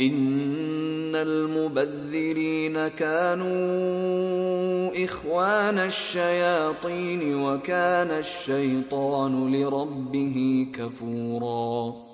ان المبذرين كانوا اخوان الشياطين وكان الشيطان لربه كفورا